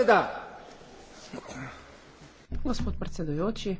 beseda. Gospod predsedujoči,